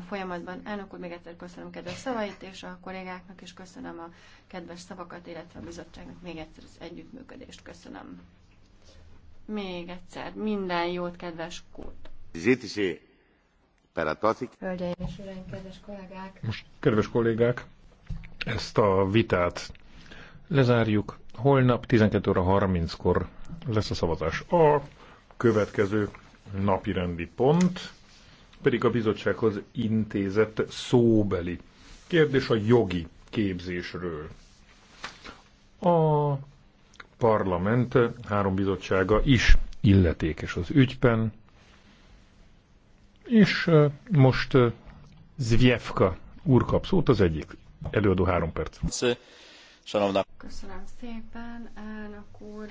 folyamatban. Elnök úr, még egyszer köszönöm kedves szavait, és a kollégáknak is köszönöm a kedves szavakat, illetve a bizottságnak még egyszer az együttműködést köszönöm. Még egyszer, minden jót, kedves Kurt! Hölgyeim és uraim, kedves kollégák! Most, kedves kollégák, ezt a vitát lezárjuk. Holnap 12 óra 30-kor lesz a szavazás. A következő napirendi pont pedig a bizottsághoz intézett szóbeli kérdés a jogi képzésről. A parlament három bizottsága is illetékes az ügyben, és most Zvjevka úr kap szót, az egyik előadó három perc. Köszönöm szépen, elnök úr,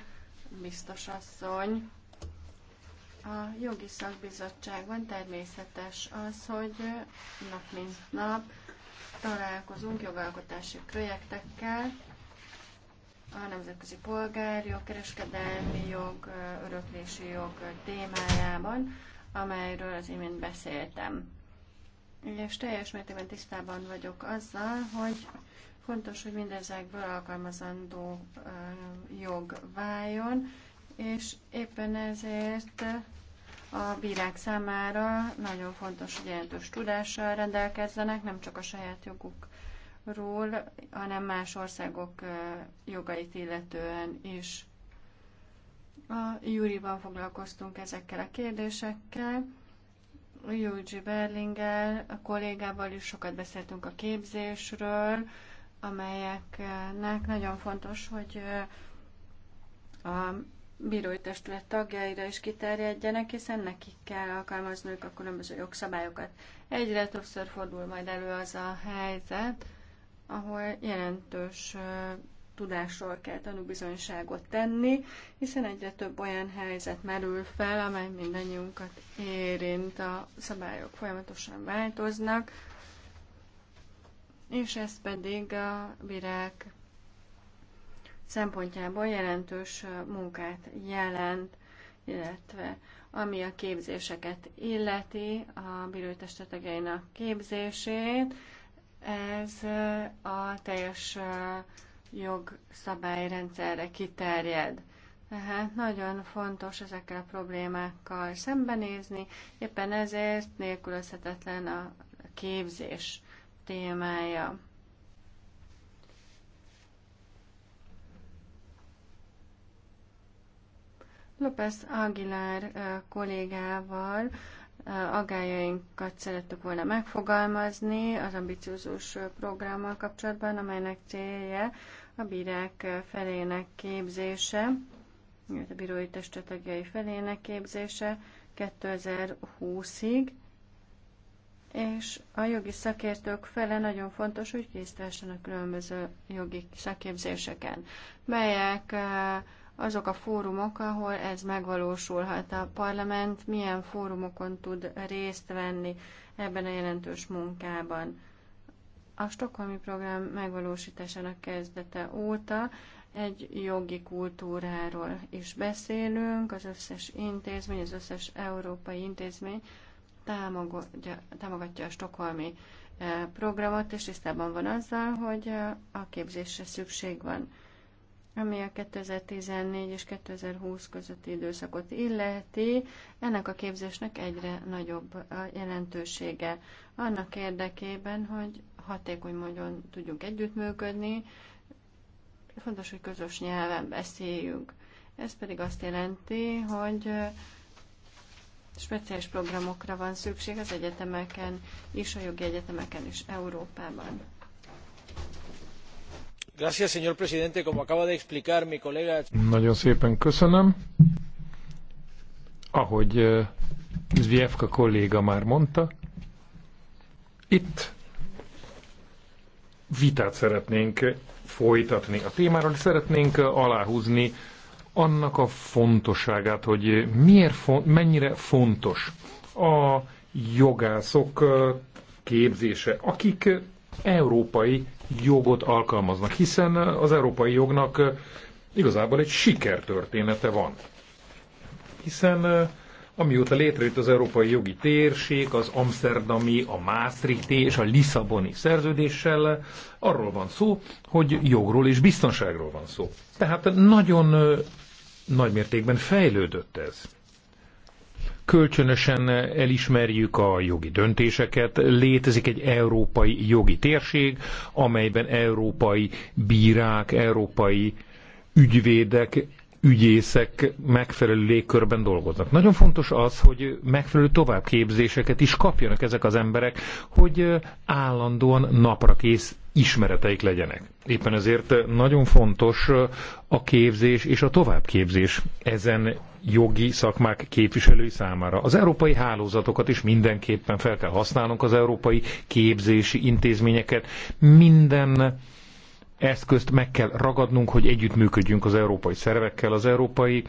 biztos asszony. A jogi szakbizottságban természetes az, hogy nap mint nap találkozunk jogalkotási projektekkel, a nemzetközi polgárjog, kereskedelmi jog, öröklési jog témájában, amelyről az imént beszéltem. És teljes mértékben tisztában vagyok azzal, hogy fontos, hogy mindezekből alkalmazandó jog váljon, és éppen ezért a bírák számára nagyon fontos, hogy jelentős tudással rendelkezzenek, nem csak a saját jogukról, hanem más országok jogait illetően is. A júriban foglalkoztunk ezekkel a kérdésekkel. Júgyi Berlingel, a kollégával is sokat beszéltünk a képzésről, amelyeknek nagyon fontos, hogy a bírói testület tagjaira is kiterjedjenek, hiszen nekik kell alkalmazniuk a különböző jogszabályokat. Egyre többször fordul majd elő az a helyzet, ahol jelentős tudásról kell tanúbizonyságot tenni, hiszen egyre több olyan helyzet merül fel, amely mindannyiunkat érint, a szabályok folyamatosan változnak, és ez pedig a bírák szempontjából jelentős munkát jelent, illetve ami a képzéseket illeti, a bírótestetegeinek képzését, ez a teljes jogszabályrendszerre kiterjed. Tehát nagyon fontos ezekkel a problémákkal szembenézni, éppen ezért nélkülözhetetlen a képzés témája. López Aguilar kollégával aggájainkat szerettük volna megfogalmazni az ambiciózus programmal kapcsolatban, amelynek célja a bírák felének képzése, a bírói testő felének képzése 2020-ig, és a jogi szakértők fele nagyon fontos, hogy a különböző jogi szakképzéseken, melyek azok a fórumok, ahol ez megvalósulhat. A parlament milyen fórumokon tud részt venni ebben a jelentős munkában. A stokholmi program megvalósításának kezdete óta egy jogi kultúráról is beszélünk, az összes intézmény, az összes európai intézmény támogatja, támogatja a stokholmi eh, programot, és tisztában van azzal, hogy eh, a képzésre szükség van ami a 2014 és 2020 közötti időszakot illeti, ennek a képzésnek egyre nagyobb a jelentősége. Annak érdekében, hogy hatékony módon tudjunk együttműködni, fontos, hogy közös nyelven beszéljünk. Ez pedig azt jelenti, hogy speciális programokra van szükség az egyetemeken, is a jogi egyetemeken is Európában señor presidente. Como acaba de explicar mi colega... Nagyon szépen köszönöm. Ahogy eh, zwiefka kolléga már mondta, itt vitát szeretnénk folytatni a témáról, szeretnénk eh, aláhúzni annak a fontosságát, hogy miért fon- mennyire fontos a jogászok eh, képzése, akik európai jogot alkalmaznak, hiszen az európai jognak igazából egy sikertörténete van. Hiszen amióta létrejött az európai jogi térség, az amsterdami, a Maastrichti és a Lisszaboni szerződéssel, arról van szó, hogy jogról és biztonságról van szó. Tehát nagyon nagy mértékben fejlődött ez kölcsönösen elismerjük a jogi döntéseket, létezik egy európai jogi térség, amelyben európai bírák, európai ügyvédek, ügyészek megfelelő légkörben dolgoznak. Nagyon fontos az, hogy megfelelő továbbképzéseket is kapjanak ezek az emberek, hogy állandóan napra kész ismereteik legyenek. Éppen ezért eh, nagyon fontos eh, a képzés és a továbbképzés ezen jogi szakmák képviselői számára. Az európai hálózatokat is mindenképpen fel kell használnunk, az európai képzési intézményeket, minden eszközt meg kell ragadnunk, hogy együttműködjünk az európai szervekkel, az európai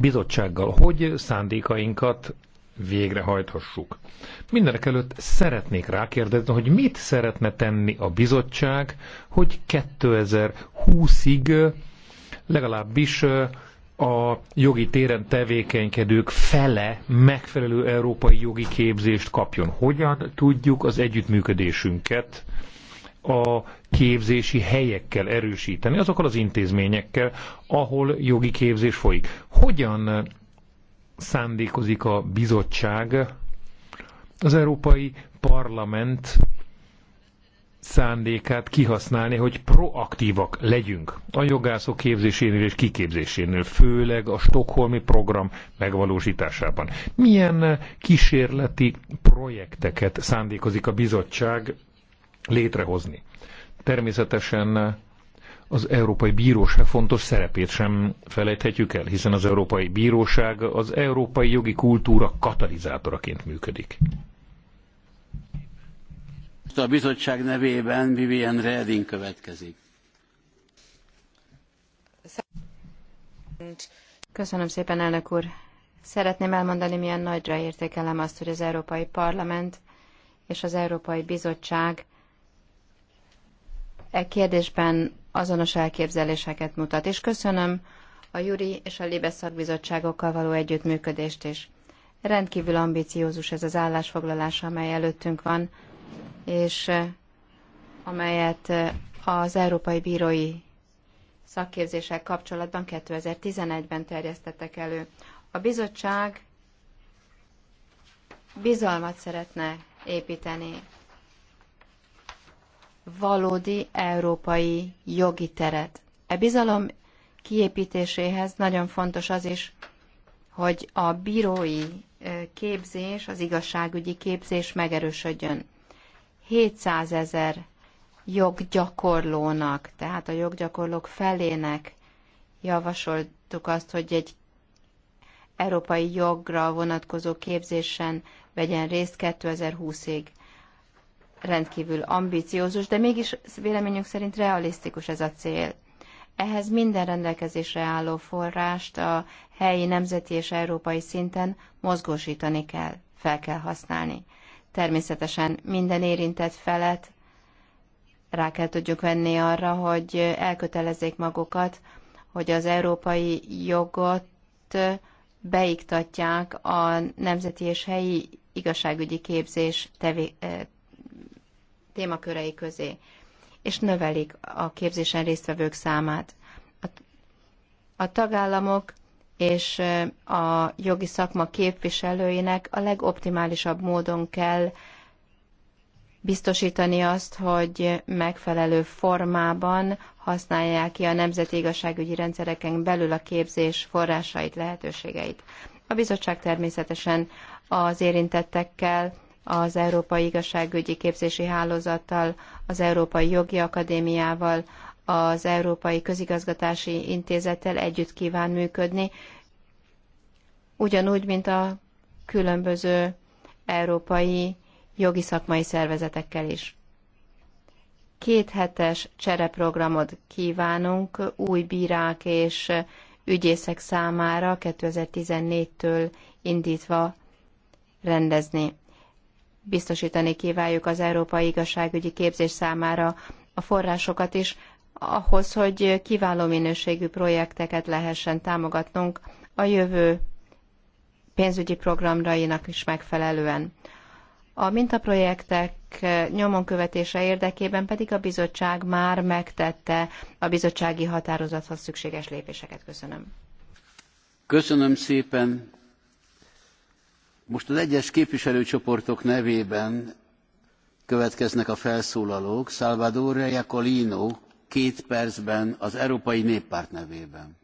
bizottsággal, hogy szándékainkat végrehajthassuk. Mindenek előtt szeretnék rákérdezni, hogy mit szeretne tenni a bizottság, hogy 2020-ig legalábbis a jogi téren tevékenykedők fele megfelelő európai jogi képzést kapjon. Hogyan tudjuk az együttműködésünket a képzési helyekkel erősíteni, azokkal az intézményekkel, ahol jogi képzés folyik. Hogyan szándékozik a bizottság, az Európai Parlament szándékát kihasználni, hogy proaktívak legyünk a jogászok képzésénél és kiképzésénél, főleg a Stockholmi program megvalósításában. Milyen kísérleti projekteket szándékozik a bizottság létrehozni? Természetesen az Európai Bíróság fontos szerepét sem felejthetjük el, hiszen az Európai Bíróság az európai jogi kultúra katalizátoraként működik. A bizottság nevében Vivian Reding következik. Köszönöm szépen, elnök úr. Szeretném elmondani, milyen nagyra értékelem azt, hogy az Európai Parlament és az Európai Bizottság e kérdésben azonos elképzeléseket mutat. És köszönöm a Juri és a Libe szakbizottságokkal való együttműködést is. Rendkívül ambiciózus ez az állásfoglalás, amely előttünk van, és eh, amelyet eh, az Európai Bírói szakképzések kapcsolatban 2011-ben terjesztettek elő. A bizottság bizalmat szeretne építeni valódi európai jogi teret. E bizalom kiépítéséhez nagyon fontos az is, hogy a bírói képzés, az igazságügyi képzés megerősödjön. 700 ezer joggyakorlónak, tehát a joggyakorlók felének javasoltuk azt, hogy egy európai jogra vonatkozó képzésen vegyen részt 2020-ig rendkívül ambiciózus, de mégis véleményünk szerint realisztikus ez a cél. Ehhez minden rendelkezésre álló forrást a helyi, nemzeti és európai szinten mozgósítani kell, fel kell használni. Természetesen minden érintett felet rá kell tudjuk venni arra, hogy elkötelezzék magukat, hogy az európai jogot beiktatják a nemzeti és helyi igazságügyi képzés tevé- témakörei közé, és növelik a képzésen résztvevők számát. A, a tagállamok és a jogi szakma képviselőinek a legoptimálisabb módon kell biztosítani azt, hogy megfelelő formában használják ki a nemzeti igazságügyi rendszereken belül a képzés forrásait, lehetőségeit. A bizottság természetesen az érintettekkel az Európai Igazságügyi Képzési Hálózattal, az Európai Jogi Akadémiával, az Európai Közigazgatási Intézettel együtt kíván működni, ugyanúgy, mint a különböző európai jogi szakmai szervezetekkel is. Két hetes csereprogramot kívánunk új bírák és ügyészek számára 2014-től indítva rendezni. Biztosítani kívánjuk az európai igazságügyi képzés számára a forrásokat is, ahhoz, hogy kiváló minőségű projekteket lehessen támogatnunk a jövő pénzügyi programrainak is megfelelően. A mintaprojektek nyomon követése érdekében pedig a bizottság már megtette a bizottsági határozathoz szükséges lépéseket. Köszönöm. Köszönöm szépen most az egyes képviselőcsoportok nevében következnek a felszólalók. Salvador Iacolino két percben az Európai Néppárt nevében.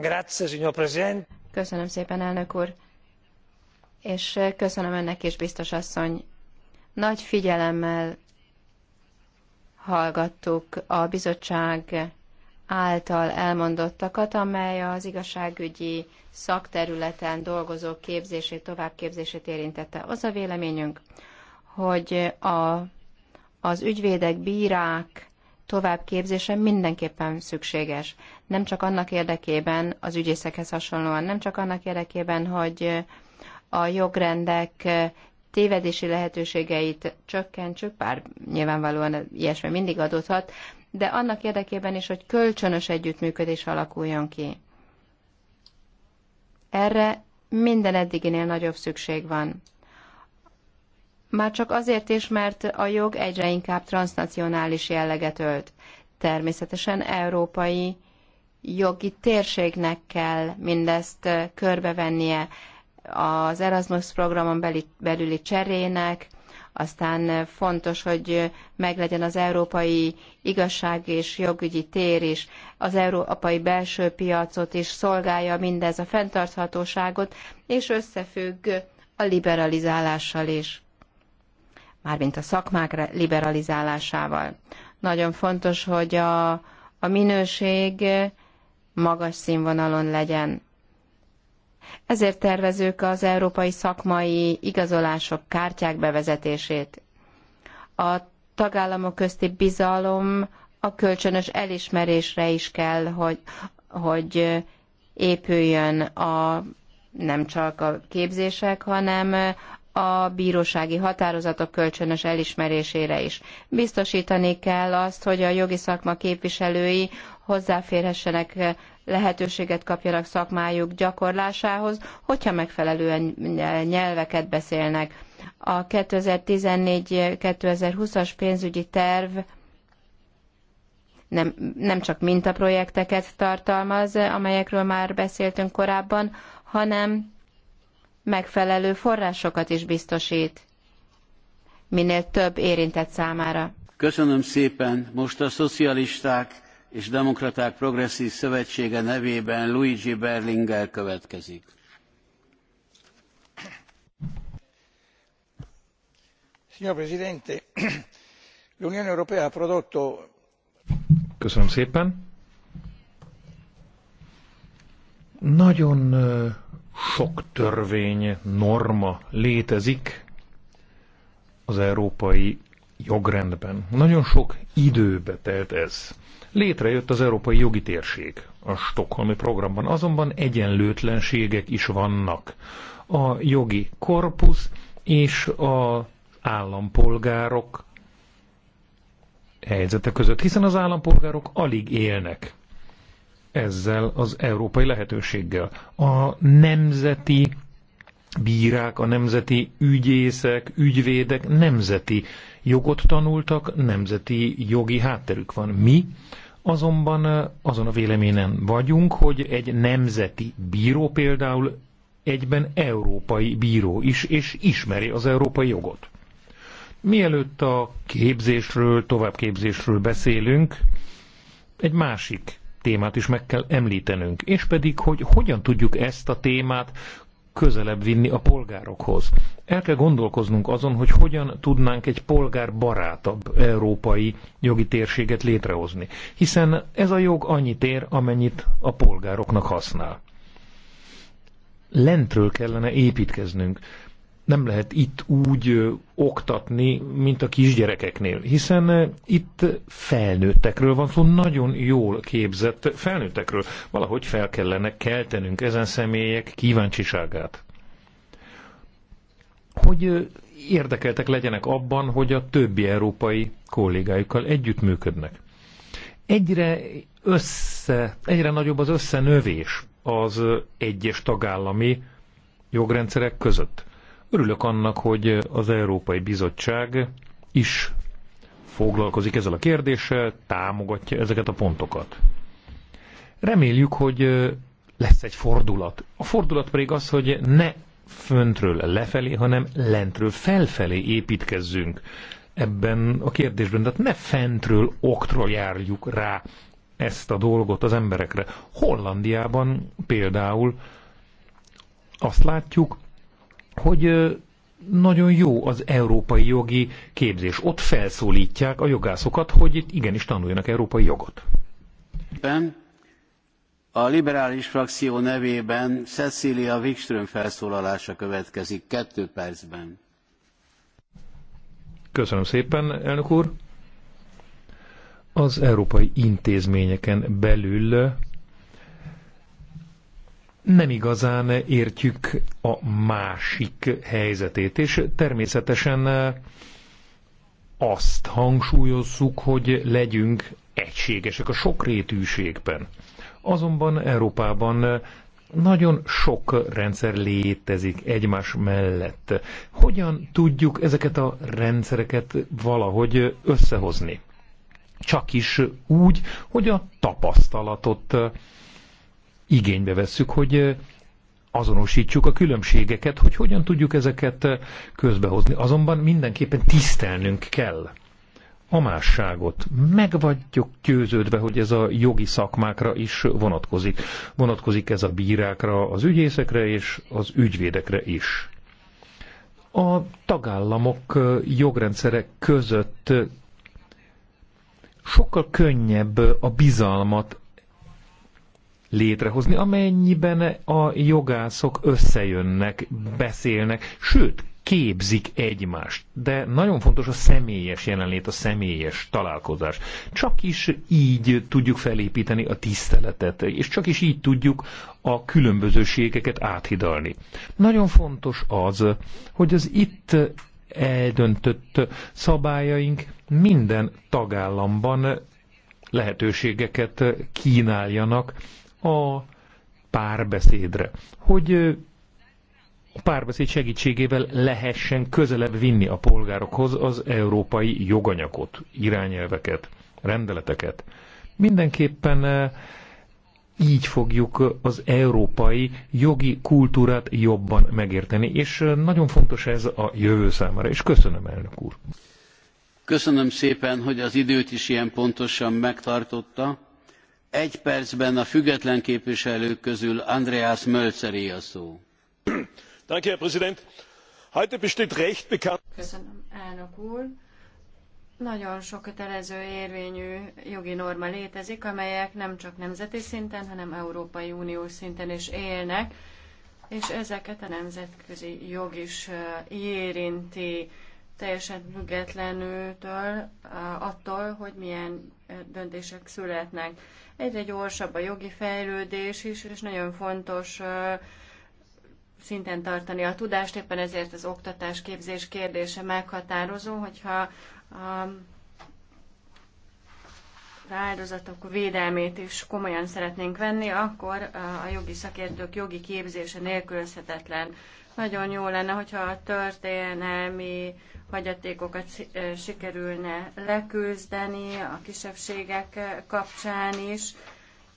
Grazie, signor Presidente. Köszönöm szépen, elnök úr. És köszönöm önnek is, biztos asszony. Nagy figyelemmel hallgattuk a bizottság által elmondottakat, amely az igazságügyi szakterületen dolgozók képzését, továbbképzését érintette. Az a véleményünk, hogy a, az ügyvédek, bírák továbbképzése mindenképpen szükséges. Nem csak annak érdekében, az ügyészekhez hasonlóan, nem csak annak érdekében, hogy a jogrendek tévedési lehetőségeit csökkentsük, bár nyilvánvalóan ilyesmi mindig adódhat, de annak érdekében is, hogy kölcsönös együttműködés alakuljon ki. Erre minden eddiginél nagyobb szükség van. Már csak azért is, mert a jog egyre inkább transnacionális jelleget ölt. Természetesen európai jogi térségnek kell mindezt eh, körbevennie az Erasmus programon belüli cserének, aztán eh, fontos, hogy eh, meglegyen az európai igazság és jogügyi tér is, az európai belső piacot is szolgálja mindez a fenntarthatóságot, és összefügg a liberalizálással is. Mármint a szakmák liberalizálásával. Nagyon fontos, hogy a, a minőség eh, magas színvonalon legyen ezért tervezők az európai szakmai igazolások kártyák bevezetését. A tagállamok közti bizalom a kölcsönös elismerésre is kell, hogy, hogy épüljön a nem csak a képzések, hanem a bírósági határozatok kölcsönös elismerésére is. Biztosítani kell azt, hogy a jogi szakma képviselői hozzáférhessenek lehetőséget kapjanak szakmájuk gyakorlásához, hogyha megfelelően nyelveket beszélnek. A 2014-2020-as pénzügyi terv nem, nem csak mintaprojekteket tartalmaz, amelyekről már beszéltünk korábban, hanem megfelelő forrásokat is biztosít minél több érintett számára. Köszönöm szépen. Most a szocialisták és Demokraták Progresszív Szövetsége nevében Luigi Berlinger következik. Signor Presidente, l'Unione Europea ha prodotto... Köszönöm szépen. Nagyon sok törvény, norma létezik az Európai jogrendben. Nagyon sok időbe telt ez. Létrejött az Európai Jogi Térség a Stockholmi programban, azonban egyenlőtlenségek is vannak. A jogi korpusz és az állampolgárok helyzete között, hiszen az állampolgárok alig élnek ezzel az európai lehetőséggel. A nemzeti bírák, a nemzeti ügyészek, ügyvédek nemzeti jogot tanultak, nemzeti jogi hátterük van. Mi azonban azon a véleményen vagyunk, hogy egy nemzeti bíró például egyben európai bíró is, és ismeri az európai jogot. Mielőtt a képzésről, továbbképzésről beszélünk, egy másik témát is meg kell említenünk, és pedig, hogy hogyan tudjuk ezt a témát közelebb vinni a polgárokhoz. El kell gondolkoznunk azon, hogy hogyan tudnánk egy polgárbarátabb európai jogi térséget létrehozni, hiszen ez a jog annyit ér, amennyit a polgároknak használ. Lentről kellene építkeznünk, nem lehet itt úgy oktatni, mint a kisgyerekeknél, hiszen itt felnőttekről van szó, nagyon jól képzett felnőttekről. Valahogy fel kellene keltenünk ezen személyek kíváncsiságát. Hogy érdekeltek legyenek abban, hogy a többi európai kollégájukkal együttműködnek. Egyre, össze, egyre nagyobb az összenövés az egyes tagállami jogrendszerek között Örülök annak, hogy az Európai Bizottság is foglalkozik ezzel a kérdéssel, támogatja ezeket a pontokat. Reméljük, hogy lesz egy fordulat. A fordulat pedig az, hogy ne föntről lefelé, hanem lentről felfelé építkezzünk ebben a kérdésben. Tehát ne fentről, oktról járjuk rá ezt a dolgot az emberekre. Hollandiában például azt látjuk, hogy nagyon jó az európai jogi képzés. Ott felszólítják a jogászokat, hogy itt igenis tanuljanak európai jogot. A liberális frakció nevében Cecilia Wikström felszólalása következik kettő percben. Köszönöm szépen, elnök úr. Az európai intézményeken belül nem igazán értjük a másik helyzetét, és természetesen eh, azt hangsúlyozzuk, hogy legyünk egységesek a sokrétűségben. Azonban Európában eh, nagyon sok rendszer létezik egymás mellett. Hogyan tudjuk ezeket a rendszereket valahogy összehozni? Csak is úgy, hogy a tapasztalatot eh, igénybe vesszük, hogy azonosítsuk a különbségeket, hogy hogyan tudjuk ezeket közbehozni. Azonban mindenképpen tisztelnünk kell a másságot. Meg vagyok győződve, hogy ez a jogi szakmákra is vonatkozik. Vonatkozik ez a bírákra, az ügyészekre és az ügyvédekre is. A tagállamok jogrendszere között sokkal könnyebb a bizalmat létrehozni, amennyiben a jogászok összejönnek, beszélnek, sőt, képzik egymást. De nagyon fontos a személyes jelenlét, a személyes találkozás. Csak is így tudjuk felépíteni a tiszteletet, és csak is így tudjuk a különbözőségeket áthidalni. Nagyon fontos az, hogy az itt eldöntött szabályaink minden tagállamban lehetőségeket kínáljanak a párbeszédre, hogy a párbeszéd segítségével lehessen közelebb vinni a polgárokhoz az európai joganyagot, irányelveket, rendeleteket. Mindenképpen így fogjuk az európai jogi kultúrát jobban megérteni, és nagyon fontos ez a jövő számára, és köszönöm, elnök úr. Köszönöm szépen, hogy az időt is ilyen pontosan megtartotta egy percben a független képviselők közül andreas mölzeré a szó. Köszönöm, elnök úr. Nagyon sok kötelező érvényű jogi norma létezik, amelyek nem csak nemzeti szinten, hanem Európai Unió szinten is élnek, és ezeket a nemzetközi jog is érinti teljesen függetlenül attól, hogy milyen döntések születnek. Egyre gyorsabb a jogi fejlődés is, és nagyon fontos szinten tartani a tudást, éppen ezért az oktatás képzés kérdése meghatározó, hogyha a áldozatok védelmét is komolyan szeretnénk venni, akkor a jogi szakértők jogi képzése nélkülözhetetlen. Nagyon jó lenne, hogyha a történelmi hagyatékokat sikerülne leküzdeni a kisebbségek kapcsán is,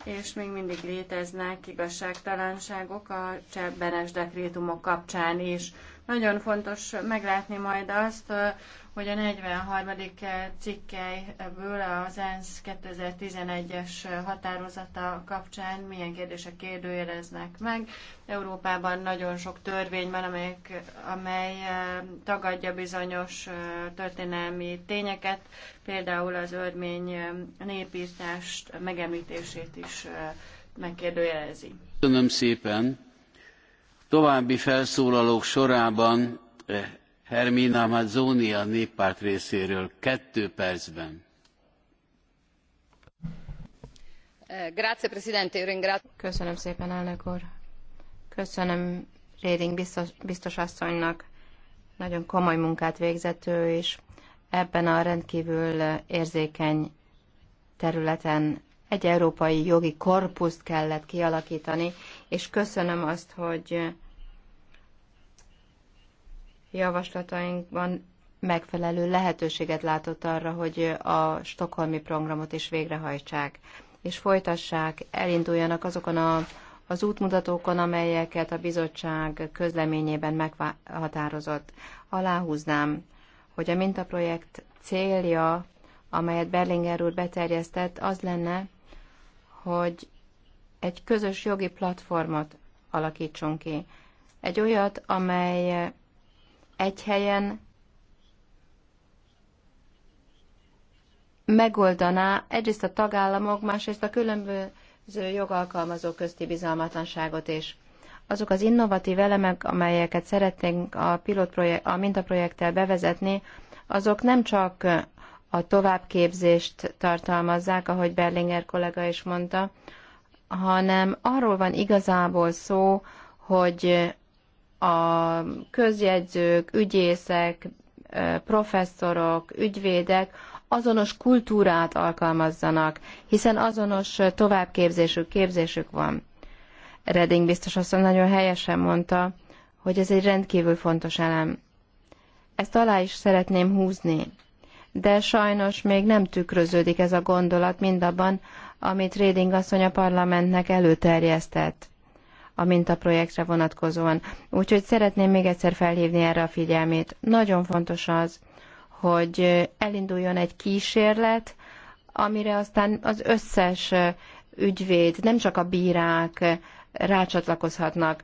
és még mindig léteznek igazságtalanságok a csebbenes dekrétumok kapcsán is. Nagyon fontos meglátni majd azt, hogy a 43. cikkelyből az ENSZ 2011-es határozata kapcsán milyen kérdések kérdőjeleznek meg. Európában nagyon sok törvény van, amelyek, amely tagadja bizonyos történelmi tényeket, például az örmény népírtást megemlítését is megkérdőjelezi. Köszönöm szépen! További felszólalók sorában eh, Hermina Mazzoni a néppárt részéről kettő percben. Eh, Köszönöm szépen, elnök úr. Köszönöm Réding biztos, biztos asszonynak. Nagyon komoly munkát végzett ő is. Ebben a rendkívül eh, érzékeny területen egy európai jogi korpuszt kellett kialakítani, és köszönöm azt, hogy javaslatainkban megfelelő lehetőséget látott arra, hogy a stokholmi programot is végrehajtsák, és folytassák, elinduljanak azokon a, az útmutatókon, amelyeket a bizottság közleményében meghatározott. Aláhúznám, hogy a mintaprojekt célja, amelyet Berlinger úr beterjesztett, az lenne, hogy egy közös jogi platformot alakítsunk ki. Egy olyat, amely egy helyen megoldaná egyrészt a tagállamok, másrészt a különböző jogalkalmazó közti bizalmatlanságot is. Azok az innovatív elemek, amelyeket szeretnénk a, pilotprojekt, a mintaprojekttel bevezetni, azok nem csak a továbbképzést tartalmazzák, ahogy Berlinger kollega is mondta, hanem arról van igazából szó, hogy a közjegyzők, ügyészek, professzorok, ügyvédek azonos kultúrát alkalmazzanak, hiszen azonos továbbképzésük, képzésük van. Redding biztos azt nagyon helyesen mondta, hogy ez egy rendkívül fontos elem. Ezt alá is szeretném húzni, de sajnos még nem tükröződik ez a gondolat mindabban, amit Reding asszony a parlamentnek előterjesztett a mintaprojektre vonatkozóan. Úgyhogy szeretném még egyszer felhívni erre a figyelmét. Nagyon fontos az, hogy elinduljon egy kísérlet, amire aztán az összes ügyvéd, nem csak a bírák rácsatlakozhatnak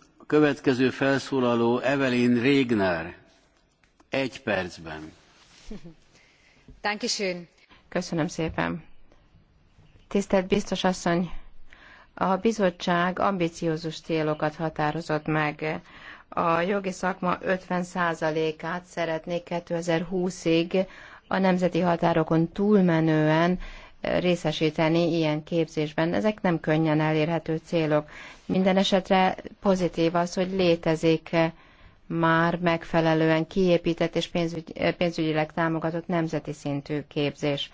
Következő felszólaló Evelyn Régner. Egy percben. Köszönöm szépen. Tisztelt biztos asszony, a bizottság ambiciózus célokat határozott meg. A jogi szakma 50%-át szeretnék 2020-ig a nemzeti határokon túlmenően részesíteni ilyen képzésben. Ezek nem könnyen elérhető célok. Minden esetre pozitív az, hogy létezik eh, már megfelelően kiépített és pénzügy, eh, pénzügyileg támogatott nemzeti szintű képzés.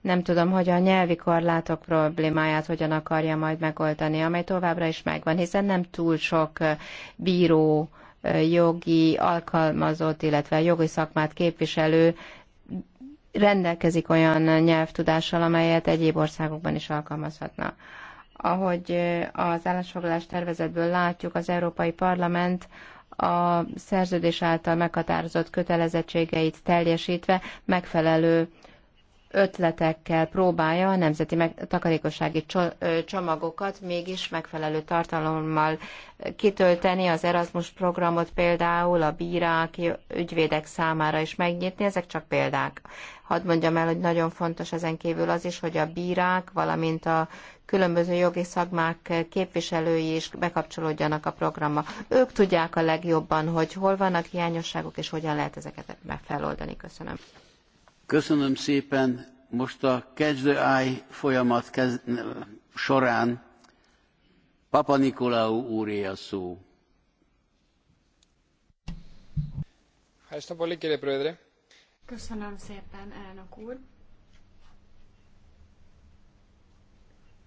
Nem tudom, hogy a nyelvi korlátok problémáját hogyan akarja majd megoldani, amely továbbra is megvan, hiszen nem túl sok eh, bíró, jogi alkalmazott, illetve jogi szakmát képviselő rendelkezik olyan nyelvtudással, amelyet egyéb országokban is alkalmazhatna. Ahogy az állásfoglalás tervezetből látjuk, az Európai Parlament a szerződés által meghatározott kötelezettségeit teljesítve megfelelő ötletekkel próbálja a nemzeti meg, takarékossági csomagokat mégis megfelelő tartalommal kitölteni, az Erasmus programot például a bírák, ügyvédek számára is megnyitni, ezek csak példák. Hadd mondjam el, hogy nagyon fontos ezen kívül az is, hogy a bírák, valamint a különböző jogi szakmák képviselői is bekapcsolódjanak a programba. Ők tudják a legjobban, hogy hol vannak hiányosságok, és hogyan lehet ezeket megfeloldani. Köszönöm. Köszönöm szépen. Most a Catch the Eye folyamat kez... során Papa Nikolaou úré a szó. Köszönöm szépen, elnök úr.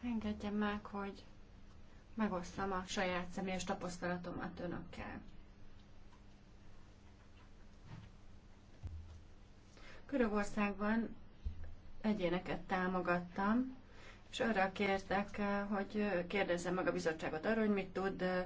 Engedje meg, hogy megosztam a saját személyes tapasztalatomat önökkel. Görögországban egyéneket támogattam, és arra kértek, eh, hogy eh, kérdezzem meg a bizottságot arról, hogy mit tud eh,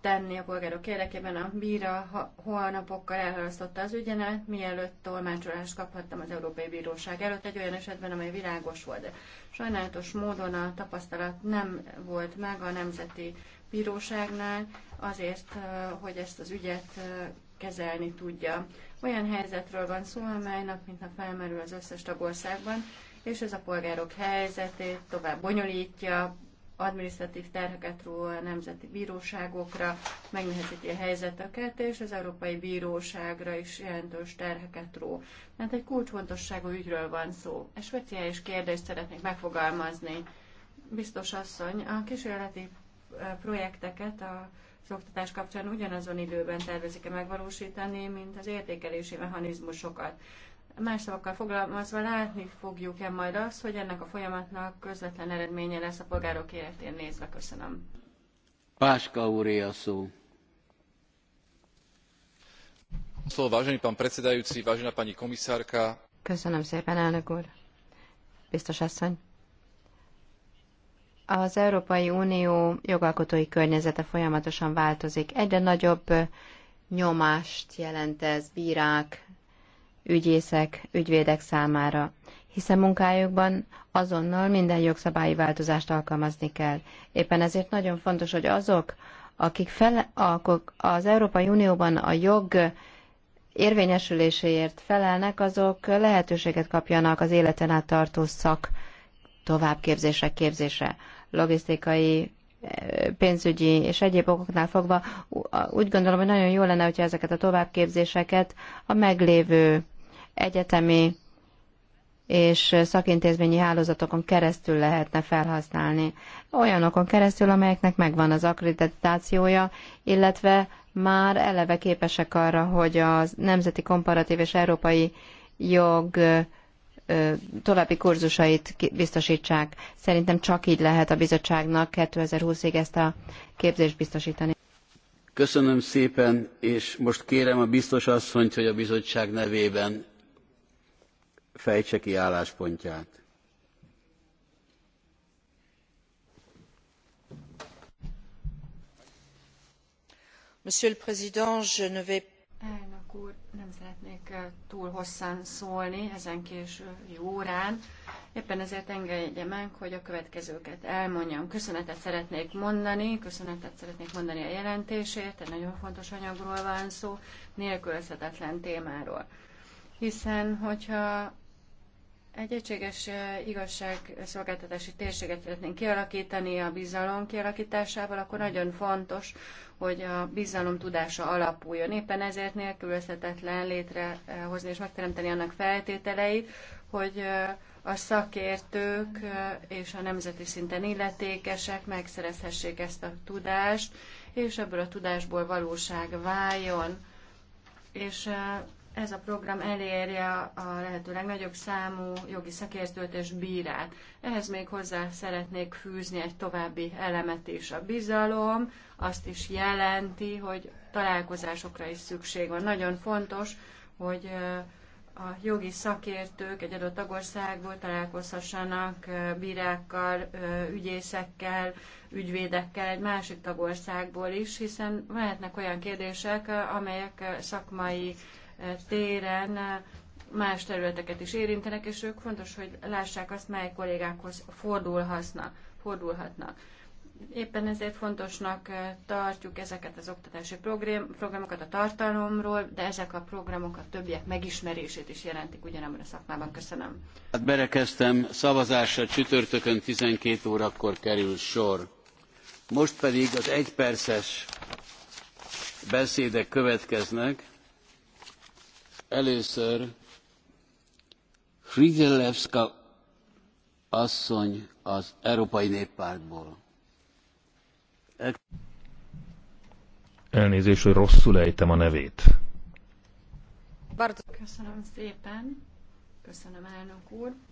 tenni a polgárok érdekében. A bíra holnapokkal elhalasztotta az ügyenet, mielőtt tolmácsolást kaphattam az Európai Bíróság előtt, egy olyan esetben, amely világos volt. Sajnálatos módon a tapasztalat nem volt meg a Nemzeti Bíróságnál, azért, hogy ezt az ügyet kezelni tudja. Olyan helyzetről van szó, amely nap mint nap felmerül az összes tagországban, és ez a polgárok helyzetét tovább bonyolítja, administratív terheket ró a nemzeti bíróságokra, megnehezíti a helyzeteket, és az Európai Bíróságra is jelentős terheket ró. Mert egy kulcsfontosságú ügyről van szó. Egy speciális kérdést szeretnék megfogalmazni. Biztos asszony, a kísérleti projekteket a az oktatás kapcsán ugyanazon időben tervezik-e megvalósítani, mint az értékelési mechanizmusokat. Más szavakkal foglalmazva látni fogjuk-e majd azt, hogy ennek a folyamatnak közvetlen eredménye lesz a polgárok életén nézve. Köszönöm. Páska úré a szó. Szóval, vážený pán predsedajúci, vážená pani komisárka. Köszönöm szépen, elnök úr. Biztos asszony. Az Európai Unió jogalkotói környezete folyamatosan változik. Egyre nagyobb nyomást jelent ez bírák, ügyészek, ügyvédek számára, hiszen munkájukban azonnal minden jogszabályi változást alkalmazni kell. Éppen ezért nagyon fontos, hogy azok, akik fele, az Európai Unióban a jog érvényesüléséért felelnek, azok lehetőséget kapjanak az életen át tartó szak továbbképzésre, képzésre logisztikai eh, pénzügyi és egyéb okoknál fogva, úgy gondolom, hogy nagyon jó lenne, hogyha ezeket a továbbképzéseket a meglévő egyetemi és szakintézményi hálózatokon keresztül lehetne felhasználni. Olyanokon keresztül, amelyeknek megvan az akkreditációja, illetve már eleve képesek arra, hogy a nemzeti komparatív és európai jog további kurzusait biztosítsák. Szerintem csak így lehet a bizottságnak 2020-ig ezt a képzést biztosítani. Köszönöm szépen, és most kérem a biztos asszonyt, hogy a bizottság nevében fejtse ki álláspontját. Monsieur le Président, je ne vais úr, nem szeretnék eh, túl hosszan szólni ezen késő órán. Éppen ezért engedje meg, hogy a következőket elmondjam. Köszönetet szeretnék mondani, köszönetet szeretnék mondani a jelentésért, egy nagyon fontos anyagról van szó, nélkülözhetetlen témáról. Hiszen, hogyha egy egységes igazságszolgáltatási térséget szeretnénk kialakítani a bizalom kialakításával, akkor nagyon fontos, hogy a bizalom tudása alapuljon. Éppen ezért nélkülözhetetlen létrehozni és megteremteni annak feltételeit, hogy a szakértők és a nemzeti szinten illetékesek megszerezhessék ezt a tudást, és ebből a tudásból valóság váljon. És ez a program elérje a lehető legnagyobb számú jogi szakértőt és bírát. Ehhez még hozzá szeretnék fűzni egy további elemet is. A bizalom azt is jelenti, hogy találkozásokra is szükség van. Nagyon fontos, hogy a jogi szakértők egy adott tagországból találkozhassanak bírákkal, ügyészekkel, ügyvédekkel egy másik tagországból is, hiszen lehetnek olyan kérdések, amelyek szakmai téren más területeket is érintenek, és ők fontos, hogy lássák azt, mely kollégákhoz fordulhatnak. Éppen ezért fontosnak eh, tartjuk ezeket az oktatási program, programokat a tartalomról, de ezek a programok a többiek megismerését is jelentik ugyanabban a szakmában. Köszönöm. Hát berekeztem, szavazásra csütörtökön 12 órakor kerül sor. Most pedig az egyperces beszédek következnek. Először Frigyelevska asszony az Európai Néppártból. Elnézést, hogy rosszul ejtem a nevét. Köszönöm szépen. Köszönöm, elnök úr.